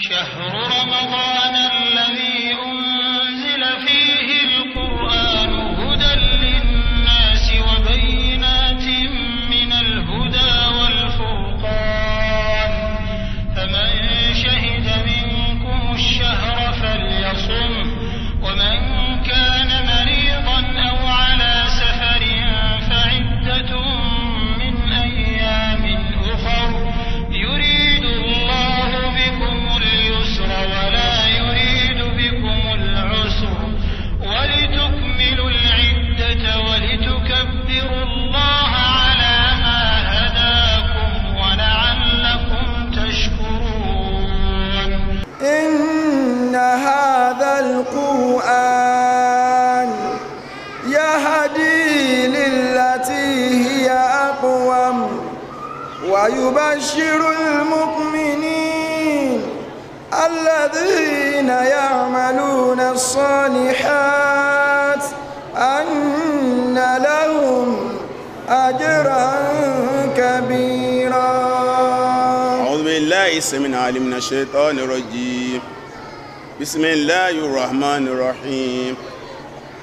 شهر رمضان ويبشر المؤمنين الذين يعملون الصالحات أن لهم أجرا كبيرا أعوذ بالله السميع علمنا من الشيطان الرجيم بسم الله الرحمن الرحيم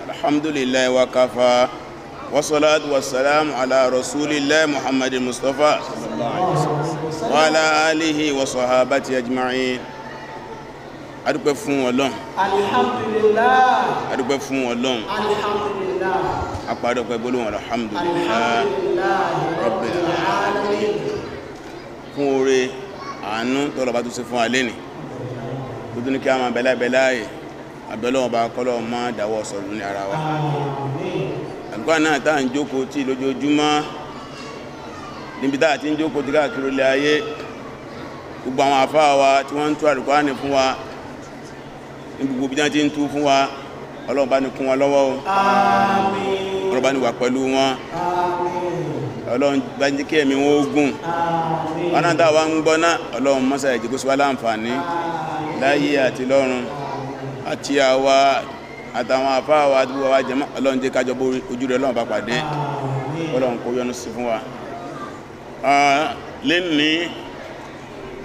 الحمد لله وكفى والصلاة والسلام على رسول الله محمد المصطفى وعلى آله وصحابته أجمعين adúpẹ́ fún Ọlọ́run alhamdulillah adúpẹ́ fún Ọlọ́run alhamdulillah apàdọ̀pẹ́ gbólóhùn alhamdulillah rabbil alamin fún oore àánú tọ́lọ̀bá tó ṣe fún alẹ́ ni tó tún ní kí a máa bẹ̀lá bẹ̀lá àyè àbẹ̀lọ́wọ̀n bá kọ́lọ̀ máa dáwọ́ sọ̀rọ̀ ní ara wa àwa náà tá à ń jókòó tí lójoojúmọ́ níbi tá à ti ń jókòó tí káàkiri ilé ayé gbogbo àwọn àfáà wa tí wọ́n ń tú àlùkùránì fún wa ní gbogbo bí wọ́n ti ń tú fún wa ọlọ́run bá ní kún wọn lọ́wọ́ o àmín ọlọ́run bá ní wà pẹ̀lú wọn àmín ọlọ́run bá ní kí ẹ̀mí wọn ó gùn àmín wọn náà táwa ń gbọ́ náà ọlọ́run mọ́sàájì kó sí wa láǹfààní láyé àti lọ́run àti àwa àtàwọn afáwà àdúgbò wa jẹmọ́ ọlọ́run jẹ́ kájọ bórí ojú rẹ̀ ọlọ́run bá pàdé ọlọ́run kó yọ́nú sí fún wa lẹ́ni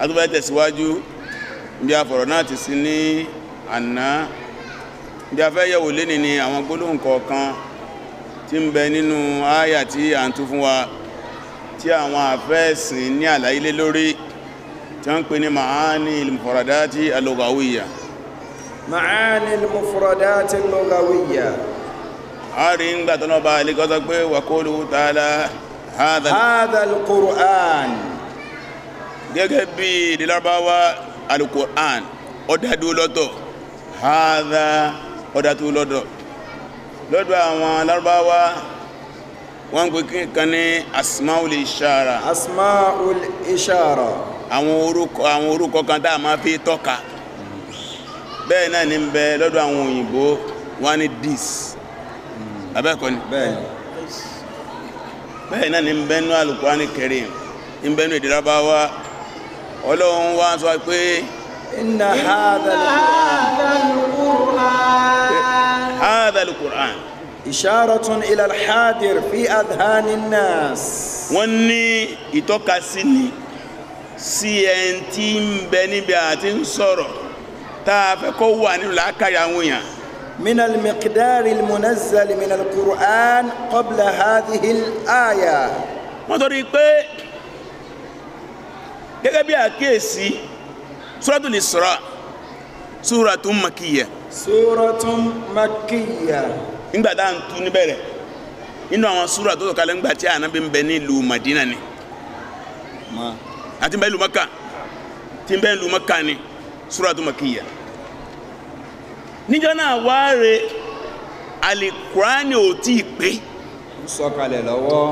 adúbáyé tẹ̀síwájú bí a náà ti sí ní àná bí a yẹ̀wò lẹ́ni ni àwọn gbólóhùn kọ̀ọ̀kan tí ń bẹ nínú àyà tí a ń tú fún wa tí àwọn àfẹ́ẹ̀sìn ní àlàyé lé lórí tí wọ́n ń pè ní màá ní ìlúmọ̀fọ̀rọ̀dá tí alọ́gàwìyà معاني المفردات اللغوية أرين قطنا بالي قطق وقولوا تعالى هذا هذا القرآن جاكبي للعباوة القرآن أدى دولته هذا أدى دولته lọ́dọ̀ àwọn alárúbáwá wọ́n ń pè kíkan ní asmaul ishara asmaul ishara àwọn orúkọ kan tá máa fi tọ́ka bẹ́ẹ̀ náà ní bẹ lọ́dọ̀ àwọn òyìnbó wọ́n ní dis abẹ́kọ̀ ni bẹ́ẹ̀ náà ní bẹ nú Al-Qur'ani Karim ní bẹ nú èdè Lárúbáwá ọlọ́run wá sọ pé inna hadha al-Qur'an wọ́n ní ìtọ́kasí ni sí ń bẹ níbi àti ń sọ̀rọ̀ tá a fẹ́ wà nínú làákàyà àwọn èèyàn. من المقدار المنزل من القرآن قبل هذه الآية. wọ́n torí pé gẹ́gẹ́ bí àkíyèsí Suratul Isra Suratun Makkiyya. Suratun Makkiyya. nígbà tá à ń tu níbẹ̀rẹ̀ nínú àwọn súra tó sọ̀kalẹ̀ ńgbà tí ànábì ń bẹ ní ìlú Madina ni àti ń bẹ ìlú Maka ti ń bẹ ìlú Maka ni. Ma suratu makiya níjọ́ náà wá re alikurani tí ì pé ń sọ̀kalẹ̀ lọ́wọ́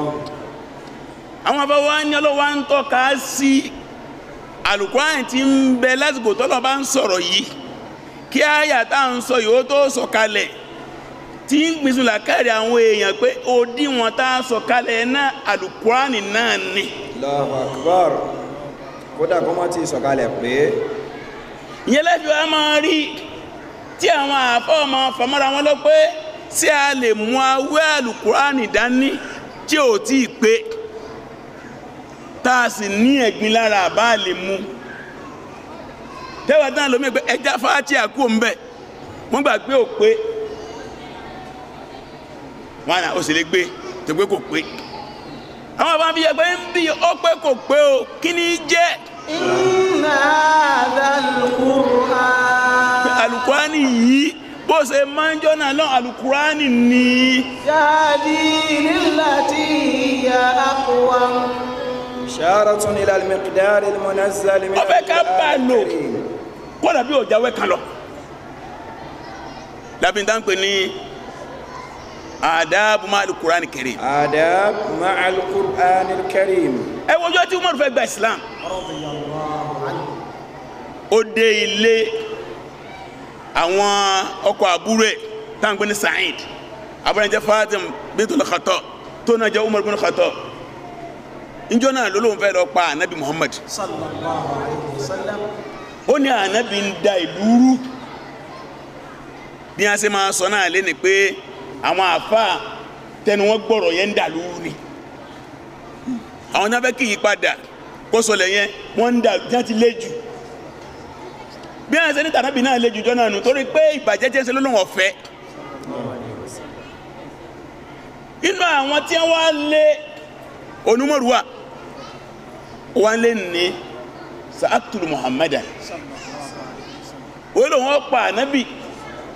àwọn afọwọ́ ní ọlọ́wà ń tọ́ka sí alukurani ti ń bẹ lásìkò tọ́lọ́ bá ń sọ̀rọ̀ yìí kí àyà tá à ń sọ yìí ó tó sọ̀kalẹ̀ tí ń àwọn èèyàn pé òdiwọ̀n tá a ìyẹn lẹ́fi wa máa rí tí àwọn àfọ́ ọmọ fàmọ́ra wọn lọ pé ṣé a lè mú awé àlùkùránì dání tí ò tí ì pé tá a sì ní ẹ̀gbin lára àbá lè mú tẹ́wà tán lómi pé ẹja fáátì àkúò ń bẹ̀ wọ́n gbà pé ò pé wọn àná ó sì lè gbé tó pé kò pé àwọn àbá fi yẹ pé ń bí ó pé kò pé o kí ni jẹ́. Mm hadha al-Qur'an. alukurani yìí bó ṣe máa ń jọ́nà náà alukurani ni. yahdi lillati hiya aqwam. isharatun ila al-miqdar al-munazzal. ọbẹ̀ ká bá a lò kọ́dà bí òjàwé kan lọ. labinda ń pè ní adab ma'al qur'an karim adab ma'al qur'an karim ẹ wojọ tí umaru fẹ́ gba islam ó dé ilé àwọn ọkọ àbúrò ẹ̀ táwọn gbé ní Fatim bintul Khattab tó Umar náà anabi Muhammad ó ní anabi ń da ìlú rú bí a ṣe máa sọ náà lé ni pé àwọn àfáà tẹnu wọn gbọ́rọ̀ yẹn ń dà lóru ni àwọn náà fẹ́ bí wọ́n ṣe ní tànàbí náà lè jùjọ́ náà nù torí pé ìbàjẹ́ jẹ́ ṣe lọ́lọ́wọ́ fẹ́ inú àwọn tí wọ́n lé onímọ̀rúwà wọ́n lé ní sa'atul muhammadan wọ́n wọ́n pa ànábì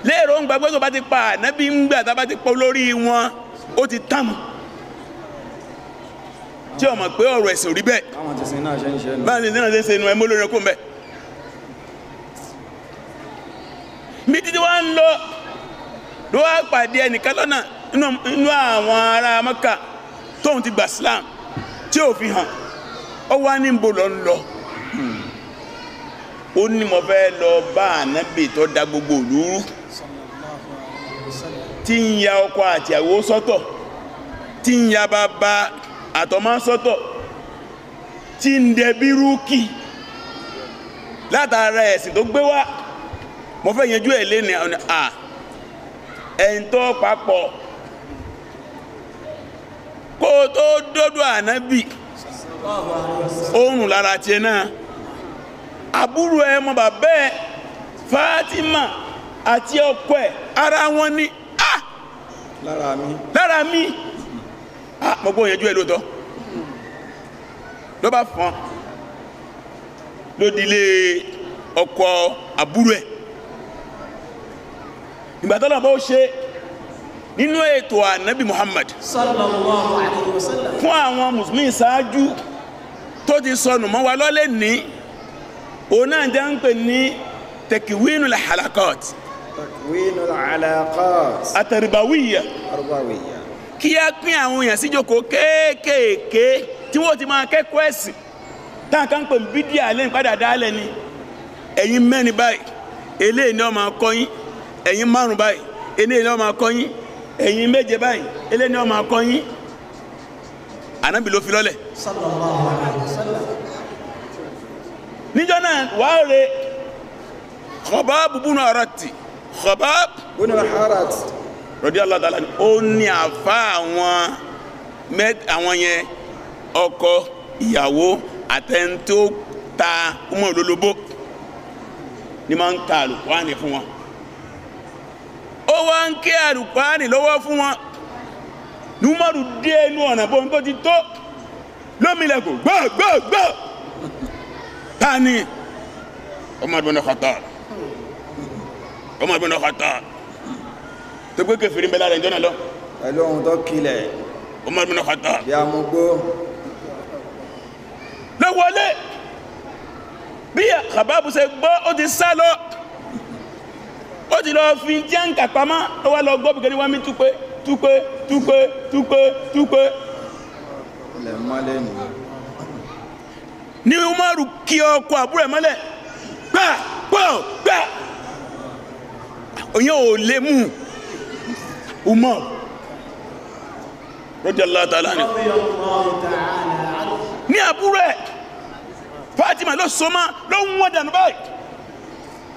léèrò ń gbàgbé tó bá ti pa ànábì ń gbà tá bá ti pọ̀ lórí wọn ó ti tàmù tí ọmọ pé ọ̀rọ̀ ẹ̀sìn rí bẹ́ẹ̀ báyìí náà ṣe ń ṣe nu ẹ mọ́ lórí ẹkún bẹ́ẹ̀. bí títí wá ń lọ ló wá pàdé ẹnìkan lọ́nà nínú àwọn ará Mẹ́kà tóun ti gbà Islam tí ò fi hàn ó wá ní bo lọ lọ hmm. ó ní mo fẹ́ lọ bá ànábì tó da gbogbo ìlú tí ń ya ọkọ àti àwo sọ́tọ̀ tí ń ya bàbá àtọmọ sọ́tọ̀ tí ń dẹbi rúkì látara ẹ̀sìn tó gbé wá mo fẹ́ yanjú ẹ̀ lé ní à ẹ̀ńtọ́ papọ̀ kó o tó dọ́dọ̀ ànábì oorun lára tiẹ̀ náà àbúrò ẹ̀ mọ bàbá Fatima àti ọkọ ẹ̀ ara wọn ni à lára mi lára mi à mo gbọ́ yanjú ẹ̀ lóòótọ́ ló bá fọn lódìlé ọkọ àbúrò ẹ̀ ìgbà tó lọ́nà bó ṣe nínú ètò ànábì Muhammad sallallahu alayhi wa sallam fún àwọn mùsùlùmí ṣáájú tó ti sọnù mọ́ wa lọ́lẹ̀ ní òun náà jẹ́ ń pè ní tekiwinu la halakot tekiwinu kí a pín àwọn èèyàn síjòkó kéékèèké tí wọ́n ti máa kẹ́kọ̀ọ́ ẹ̀sìn táwọn kan pè ní bídíà lẹ́yìn padà dálẹ̀ ni ẹ̀yin mẹ́rin báyìí eléyìí ni wọ́n máa kọ́ yín ẹ̀yin márùn báyìí eléyìí ni wọ́n máa kọ́ yín ẹ̀yin méje báyìí eléyìí ni wọ́n máa kọ́ yín ànábì ló fi lọ́lẹ̀. níjọ́ náà wàá re Khabab bunu arati Khabab bunu arati rọdí aláàdàlá ni a ní àfa àwọn mẹ́t àwọn yẹn ọkọ ìyàwó àtẹ̀ntó ta ọmọ olólobó ni máa ń ta àlùkò àná fún wọn ó wá ń ké àlùkùránì lọ́wọ́ fún wọn ní Umaru dé inú ọ̀nà bó ń bó ti tó lómìnlẹ̀kùn gbọ́gbọ́gbọ́ ta ni Umar bin Khattab Umar bin Khattab tó gbé kẹfìrí mẹ́lá rẹ̀ jọ́nà lọ pẹ̀lú ohun tó kílẹ̀ Umar bin Khattab bí a mú gbó lọ́wọ́lé bí àbábùsẹ̀ gbọ́ ó ti sá lọ ó ti lọ fi jẹ́ǹkà pamọ́ ó wá lọ gbọ́ bùkẹ́ ní wọ́n mi túpe túpe túpe túpe túpe. ilẹ̀ mọ́lẹ̀ ni. ní umaru kí ọkọ àbúrò ẹ̀ mọ́lẹ̀ gbà pọ̀ gbà òyìn ò lè mú umar radiyallahu ta'ala ni ní àbúrò ẹ̀ fatima ló sọ ma ló ń wọ́n dànù báyìí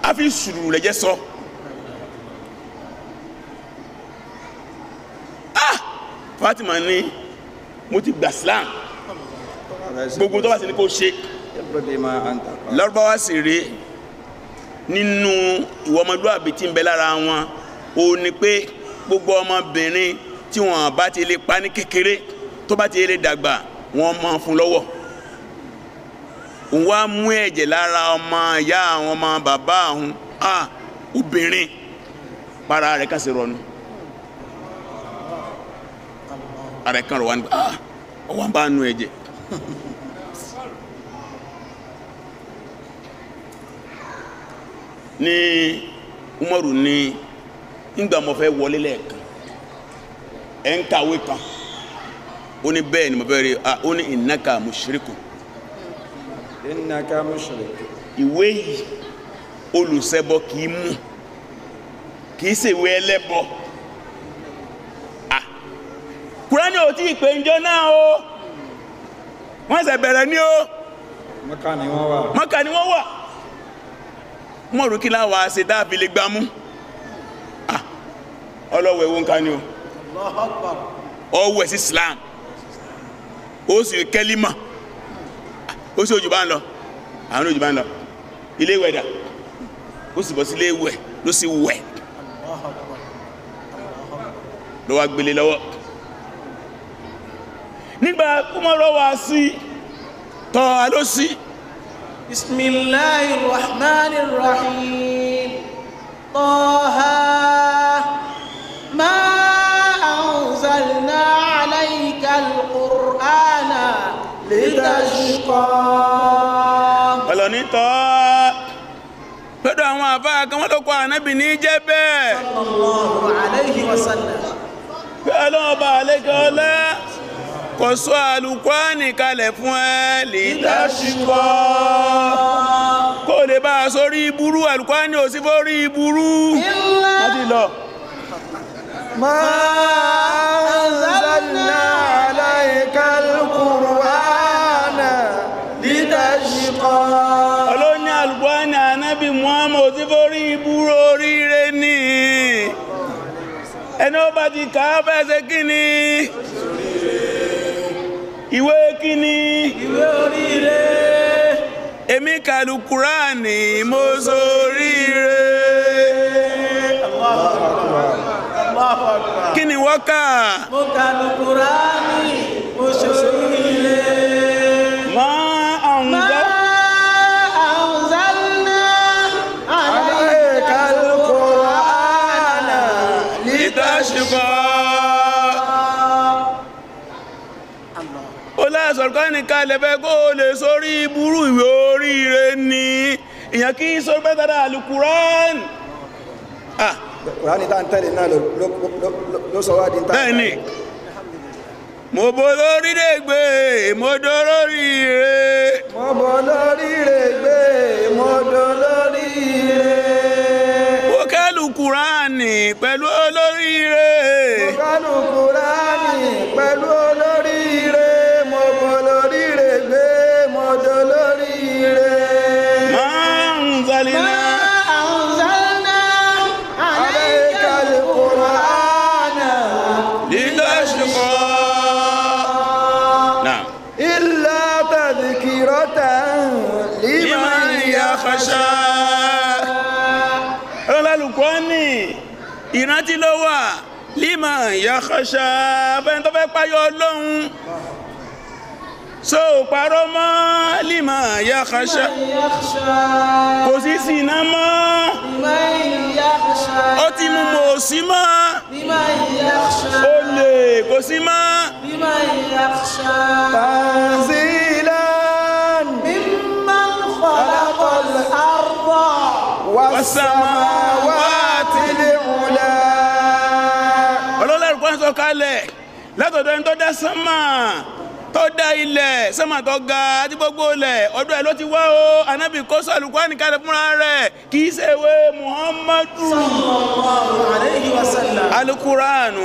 a fi sùúrù rẹ̀ jẹ́ sọ. So. Fatima ní mo ti gbà Islam gbogbo tó bá sì ní kó ṣe lọ́rọ́báwá sì rí nínú ìwà ọmọlúwàbí tí ń bẹ lára wọn ó ní pé gbogbo ọmọbìnrin tí wọn bá ti lè pa ní kékeré tó bá ti lè dàgbà wọn máa fún lọ́wọ́ wọ́n á mú ẹ̀jẹ̀ lára ọmọ ìyá àwọn ọmọ bàbá àwọn ah, obìnrin para rẹ̀ kàn sí rọnu ààrẹ kan rọ̀ wá ní pé nu ẹ̀jẹ̀ ní Umaru ní nígbà mo fẹ́ wọlé lẹ́ẹ̀kan ẹ̀ ń kàwé kan ó ní ni mo mushriku. Ah, mushriku. kùránì ò tí ì pè ń jọ náà o wọ́n ṣẹ̀ bẹ̀rẹ̀ ní o mọ́kà ni wọ́n wà mọ́kà ni wọ́n wà láwa ṣe dáàbí lè gbámú ọlọ́wọ̀ ẹ̀wọ̀n ká ni o ọwọ́ ẹ̀sí Islam ó sì kẹ́límà ó sì ojú bá ń lọ àwọn ojú bá ń lọ ilé ìwẹ̀ dà ó sì bọ́ sí ilé ìwẹ̀ ló sì wẹ̀ ló wá lọ́wọ́ nígbà kúmọ̀rọ̀ wá sí tọ́ a ló sí. bisimilahi rahman rahim tọ́ha ma anzalna alayka al-qur'ana litashqa. ọlọ́ni tọ́ lọ́dọ̀ àwọn àbá kan wọ́n ló ànábì ní jẹ́ bẹ́ẹ̀. sallallahu alayhi wa sallam. bẹ́ẹ̀ lọ́wọ́ bá àlejò ọlẹ́ kò sọ àlùkùránì kalẹ̀ fún ẹ lítàṣìkọ́ kó lè bá a sórí ìburú àlùkùránì ò sí fórí ìburú. ilá máa ń zanna aláìka alukur'ana lítàṣìkọ́. olóyìn àlùkùránì ànábì muhammad ò sí fórí ìburú oríire ni ẹni ó bá ti kà á fẹ́ ṣe kí ni ìwé kíní ìwé oríire èmi kàlù kúránì mo ṣoríire kí ni wọ́n kà mo kàlù kúránì mo ṣoríire. nìkan lẹ́fẹ́ kó o lè sórí burú ìwé oríire ni ìyẹn kì í sórí pẹ́tàdà alukuran. kùránì ah. tá n tẹ̀lé náà ló sọ wá di ta. bẹ́ẹ̀ni mo bo lórí rẹ̀ gbé mo do lórí rẹ̀. mo bo lórí rẹ̀ gbé mo do lórí rẹ̀. mo kẹ́lu kùránì pẹ̀lú olórí rẹ̀. mo kẹ́lu kùránì pẹ̀lú olórí rẹ̀. ìrántí ló wà límọ̀ yọkọ̀ṣà fẹ́ni tó fẹ́ páyọ̀ ọlọ́run so parọ́ mọ́ límọ̀ yọkọ̀ṣà kò sí sínà mọ́ ó ti mú mọ́ òsì mọ́ ó lè kò sí mọ́ tanzilan mimman khalaqal arda was samawati. kalẹ̀ látọ̀dọ̀ ẹni tó dá sánmà tó dá ilẹ̀ sánmà tó ga àti gbogbo ilẹ̀ ọ̀dọ̀ ẹ̀ ló ti wá o anábì kó sọ al kalẹ̀ fúnra rẹ̀ kì í ṣe ìwé Muhammadu sallallahu alayhi wa sallam Al-Qur'anu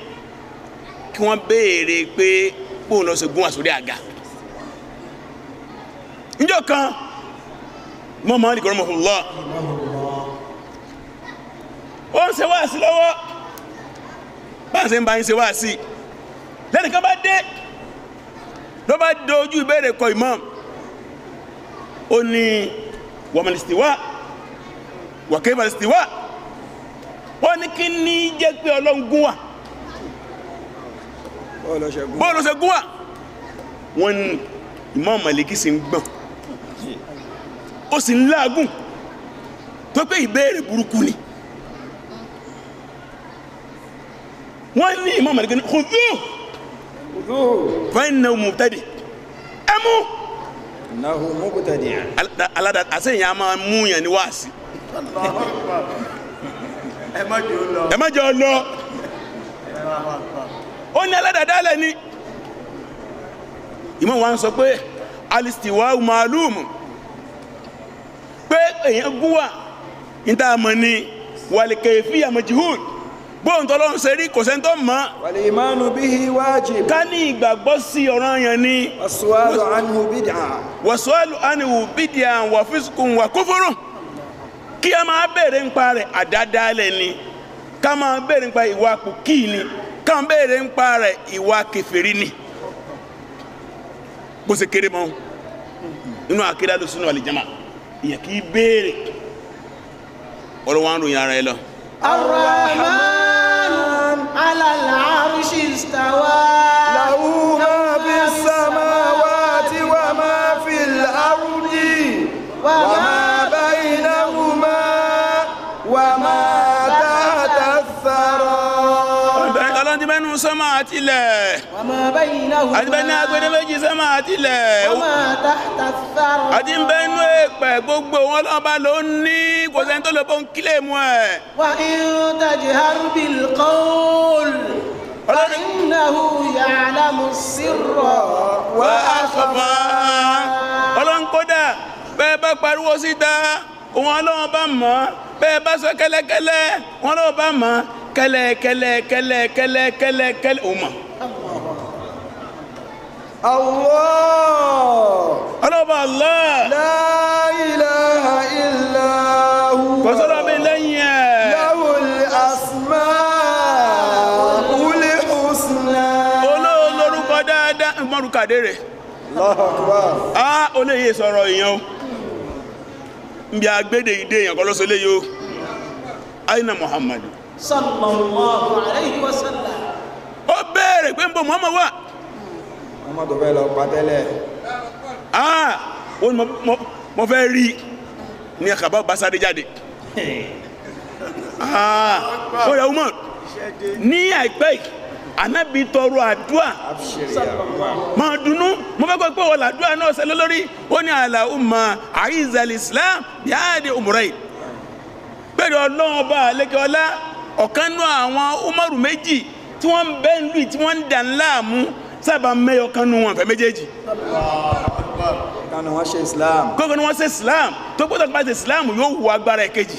kí wọ́n béèrè pé bóun lọ sí gún àsórí àga níjọ́ kan mọ́ máa ń dìkọ̀ ọmọ fúnlọ́ ó ń ṣe wáàsí lọ́wọ́ bá ń ṣe ń bá ń ṣe wáàsí lẹ́nìkan bá dé ló bá dojú ìbéèrè kọ imam ó ní wàmàlìsìtìwá wàkẹ́màlìsìtìwá ó ní kí ní jẹ́ pé ọlọ́ngún wà bọ́ọ̀lù ṣe gún wà wọ́n ní Imam Maliki sì ń gbọ̀n ó sì ń láàgùn tó pé ìbéèrè burúkú ni wọ́n ní Imam Maliki ní kòdó fẹ́ẹ̀nà mùtẹ́dì ẹ mú aládàá àṣeyàn a máa mú yẹn ní wáàsí ẹ má jẹ́ ọ lọ ó ní aládàádálẹ̀ ni ìmọ̀ wa ń sọ pé alistiwa maalum pé èèyàn gúnwà níta mọ̀ ni wàlìkèéfì àmọ̀jìhùd bóun tọ́lọ́ ń ṣe rí kò sẹ́ni tó mọ̀. wàlẹ̀ ìmánu bíi wájib. ká ní ìgbàgbọ́ sí ọ̀ranyàn ni. wàsúwàlù anhu bídìá. wàsúwàlù anhu bídìá wà físùkùn wà kófóró kí a máa béèrè nípa rẹ̀ àdádálẹ̀ ni ká máa béèrè nípa ìwà àpò kíì ni kàn béèrè ń pa rẹ̀ ìwà kẹfẹ́rí ni bó ṣe kéré mọ́ nínú akéde alùsùn àlìjàmà ìyẹn kì í béèrè ọ̀rọ̀ wa ń ròyìn ara ẹ lọ. Ar-Rahman ala al-arshi istawa. sánmà àti ilẹ̀ àti bẹ́ẹ̀ ní agbede méjì sánmà àti ilẹ̀ àti bẹ́ẹ̀ nú èpẹ̀ gbogbo wọn lọ́wọ́ bá ní kò sẹ́ni tó lè bó ń kílè mú ẹ̀. wà á ń tají harubi kọ́ọ̀l. Fàínàhù ya'lamu sírọ̀ wà á sọ̀fà. Ọlọ́run kódà bẹ́ẹ̀ bá pariwo síta, òun ọlọ́run bá mọ̀ ọ́, bá sọ kẹ́lẹ́kẹ́lẹ́, òun ọlọ́run bá kẹlẹ kẹlẹ kẹlẹ kẹlẹ kẹlẹ kẹlẹ o ma. Allah. ọlọ́ba Allah. La ilaha illa huwa. kọ́sọ́dọ̀ mi lẹ́yìn ẹ̀. lahul asma ul husna. olóòlórúkọ dáadáa mọ́rùkàdé rẹ̀. Allahu akbar. a ó lè yé sọ̀rọ̀ èèyàn o. nbí agbédè ìdè èèyàn kọ́ lọ́sọ̀lẹ́ yìí o. aina Muhammadu sallallahu alayhi wa sallam. ó béèrè pé ń bọ̀ Muhammad wà. Muhammad tó fẹ́ lọ patẹ́lẹ̀. aa ó ní mo fẹ́ rí ní àkàbà basade jáde. aa ó yà Umar ní àìpẹ́ yìí anabi tọrọ àdúà máa dunu mo fẹ́ kọ́ pé wọ́n làdúà náà ṣẹlẹ̀ lórí ó ní àlàúmà àìzàl islam yáàdì òmùrẹ́ yìí pẹ̀lú ọlọ́run ọba àlekẹ́ ọlá ọ̀kan nú àwọn umaru méjì tí wọ́n ń bẹ́ ń lù tí wọ́n ń dà ńlá mú sábà mẹ́yọ kan nú wọn fẹ́ méjèèjì. kọ́kọ́ ni wọ́n ṣe islam. kọ́kọ́ ni wọ́n ṣe islam tó gbọ́dọ̀ bá ṣe islam yóò wù agbára ẹ̀kejì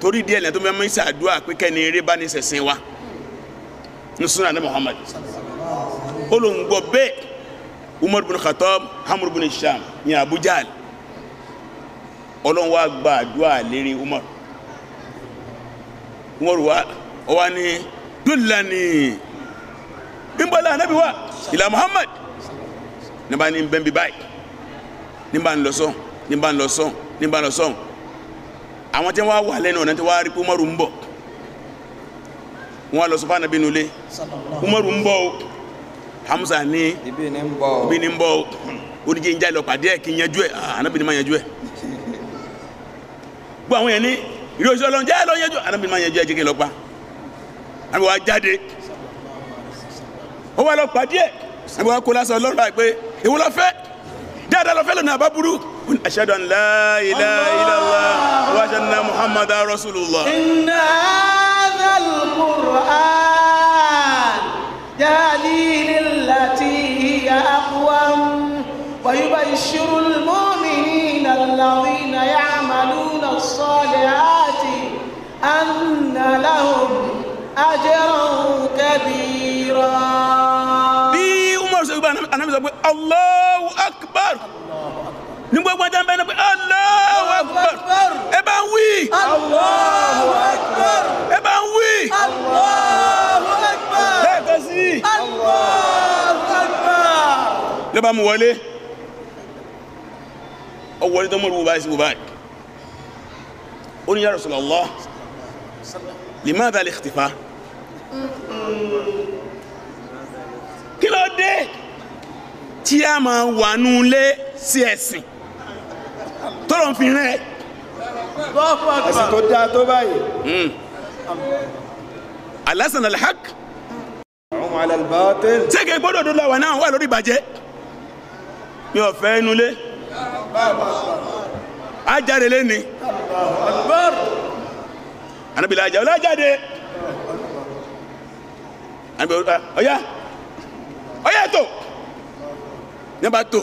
torí díẹ̀ lẹ́tọ́ mẹ́mọ́ ìṣàdúrà pé kẹ́ni eré bá ní sẹ̀sìn wa nusura ní muhammad olùgbọ bẹ́ẹ̀ umar bin khattab hamur bin sham ní abuja ọlọ́run wá gba àdúrà lérí umar umaru wa ó wá ní dúlani nbọ́lá anabi wa ìlà muhammad ní bá ní bẹ́ńbí báyìí ní bá ń lọ sọ́n ní bá ń lọ sọ́n ní bá ń lọ sọ́n àwọn tí wọ́n wà lẹ́nu ọ̀nà tí wọ́n rí pé umaru ń bọ̀ wọ́n lọ sọ anabi nulẹ̀ umaru ń bọ̀ o hamza ní ibi ní ń bọ̀ o oníjẹ́ ìjà ìlọ̀pàdé ẹ̀ kí n yanjú ẹ̀ anabi ah, ni má yanjú ẹ̀ gbọ́ àwọn yẹn ní ìlú oṣù ọlọ́run jẹ́ lọ yẹjọ́ anábì máa yẹjọ́ ẹ̀jẹ̀ kí lọ pa àbí wàá jáde ó wà lọ pàdé ẹ̀ àbí wàá kó lásán ọlọ́run àìpé ìwọ lọ fẹ́ dáadáa lọ fẹ́ lọ́nà àbá burú an la ilaha illallah wa ashhadu anna muhammadan rasulullah. inna hadha al-qur'an yahdi lillati hiya aqwam wa yubashshiru al-mu'minin. الذين يعملون الصالحات أن لهم أجرا كبيرا الله أكبر نبغى الله أكبر الله أكبر إبان وي الله أكبر إبان وي الله أكبر الله أكبر لبام والي ọwọ́ ní tó mọ̀ rúbá sí rúbá ó ní ya Rasulullah limadha al-ikhtifa kí ló dé tí a máa wà nù lé sí ẹ̀sìn tọ́lọ̀ ń fi rẹ̀ ẹ̀sìn tó dáa tó báyìí. Hmm. alasan alhaq sẹ́kẹ̀ gbọ́dọ̀ dọ́là wà náà wà lórí ìbàjẹ́ mi ò fẹ́ inú lé a jáde lẹ́ni anabila ajáde ọlá jáde ọyá ọyá tó nígbà tó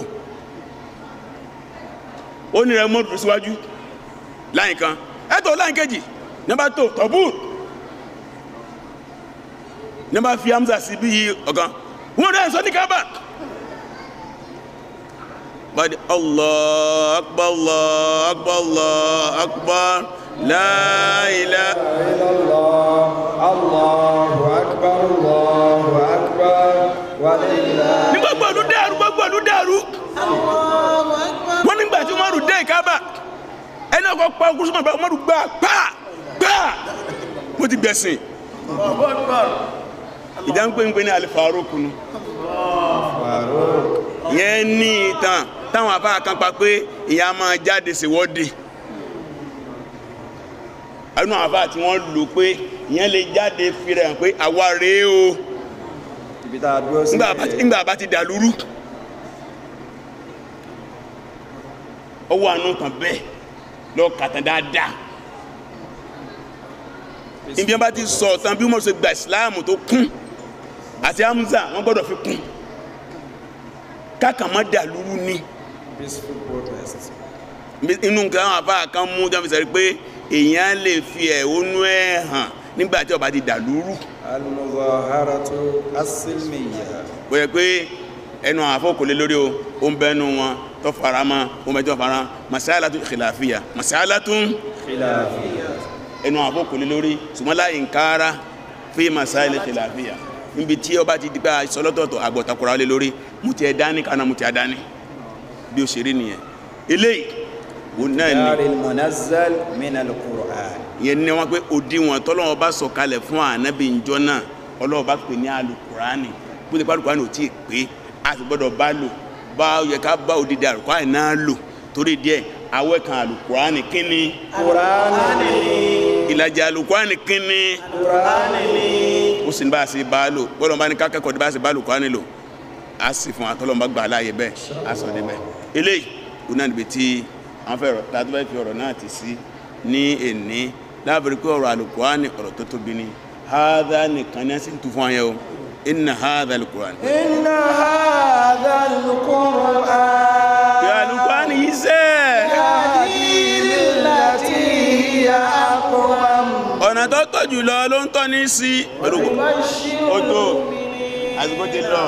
ó ní rẹ mọ́ dùn síwájú láyìn kan ẹ̀tọ́ láyìn kejì nígbà tó tọ́bù nígbà fi amza sí bí ọ̀gán wọ́n rẹ̀ sọ ní kábàkì. قد الله أكبر الله أكبر الله أكبر لا إله إلا الله الله أكبر الله أكبر ولله nígbà gbọ́dọ̀ dàrú gbọ́dọ̀ dàrú wọ́n nígbà tí Umaru dé Káàbà ẹni ọkọ̀ pa okùn sọ́mọ̀ Umaru gbà gbà gbà mo ti gbẹ̀sìn ìdáhùn pé ń pè ní alifaaro kunu yẹn ní ìtàn táwọn afáà kan pa pé ìyá máa jáde ṣèwọ́de ẹnu àwọn afáà tí wọ́n lò pé ìyẹn lè jáde fira hàn pé àwa rèé o nígbà bá ti dà lúrú ọwọ́ àánú tàn bẹ́ẹ̀ lọ́ọ́ kàtàn dáadáa ibi wọn bá ti sọ ọ̀tàn bí wọ́n ṣe gba ìsìláàmù tó kún àti Hamza wọ́n gbọ́dọ̀ fi kún kákàmọ́ dà ni inú nǹkan àwọn àbá kan mú jáfi sẹ́rí pé èèyàn lè fi ẹ̀hónú ẹ̀ hàn nígbà tí ó bá ti dàlúrú. al-muzaharatu as-silmiyya. bóyá pé ẹnu àfọkùnlé lórí o ó ń bẹnu wọn tó fara mọ́ ó mẹjọ fara masalatu khilafiyya masalatu khilafiyya ẹnu àfọkùnlé lórí sùmọ́lá ìǹkára fi masalatu khilafiyya níbi tí ó bá ti di pé àìsọlọ́tọ̀ọ̀tọ̀ àgbọ̀tàkùrà lé lórí mú ti ẹ̀ dání kánà mú ti ẹ̀ dání bí ó ṣe rí nìyẹn eléyìí òun náà ni. yàrá ilmunazzal minal Qur'an. ìyẹn ni wọ́n pé òdiwọ̀n tọ́lọ́wọ́ bá sọ kalẹ̀ fún ànábì njọ́ náà ọlọ́wọ́ bá pè ní alukurani bó ti pa alukurani ò tí ì pé a ti gbọ́dọ̀ bá lò bá yẹ ká bá òdìdí alukurani náà lò torí díẹ̀ awẹ́ kan alukurani kí ni. alukurani ìlàjì alukurani kí ni. alukurani ó sì ní bá a sì bá a lò gbọ́dọ̀ bá ní ká bá a sì bá alukurani lò a sì fún atọ́lọ́mọba gbà láàyè bẹ́ẹ̀ a sọ ní bẹ́ẹ̀ eléyìí òun náà níbi tí àwọn fẹ́ tàbí fẹ́ fi ọ̀rọ̀ náà ti sí ní èní láàbẹ̀rẹ̀ pé ọ̀rọ̀ alukurani ọ̀rọ̀ tó tóbi ni haza nìkan ní a sì ń tu fún ayẹ o inna haza alukurani. inna haza alukurani. bí alukurani yìí sẹ́. ọ̀nà tó tọ̀ jùlọ ló ń tọ́ ní sí. ọ̀rọ̀ kò tó àsìkò ti lọ.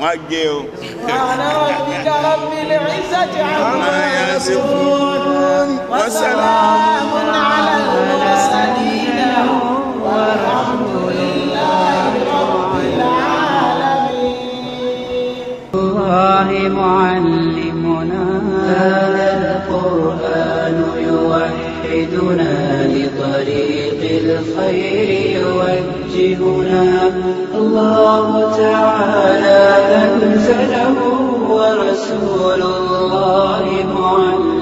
وجهه سبحان ربك رب العزة عما يصفون وسلام على المرسلين والحمد لله رب العالمين الله معلمنا يوعدنا لطريق الخير يوجهنا الله تعالى أنزله ورسول الله معلم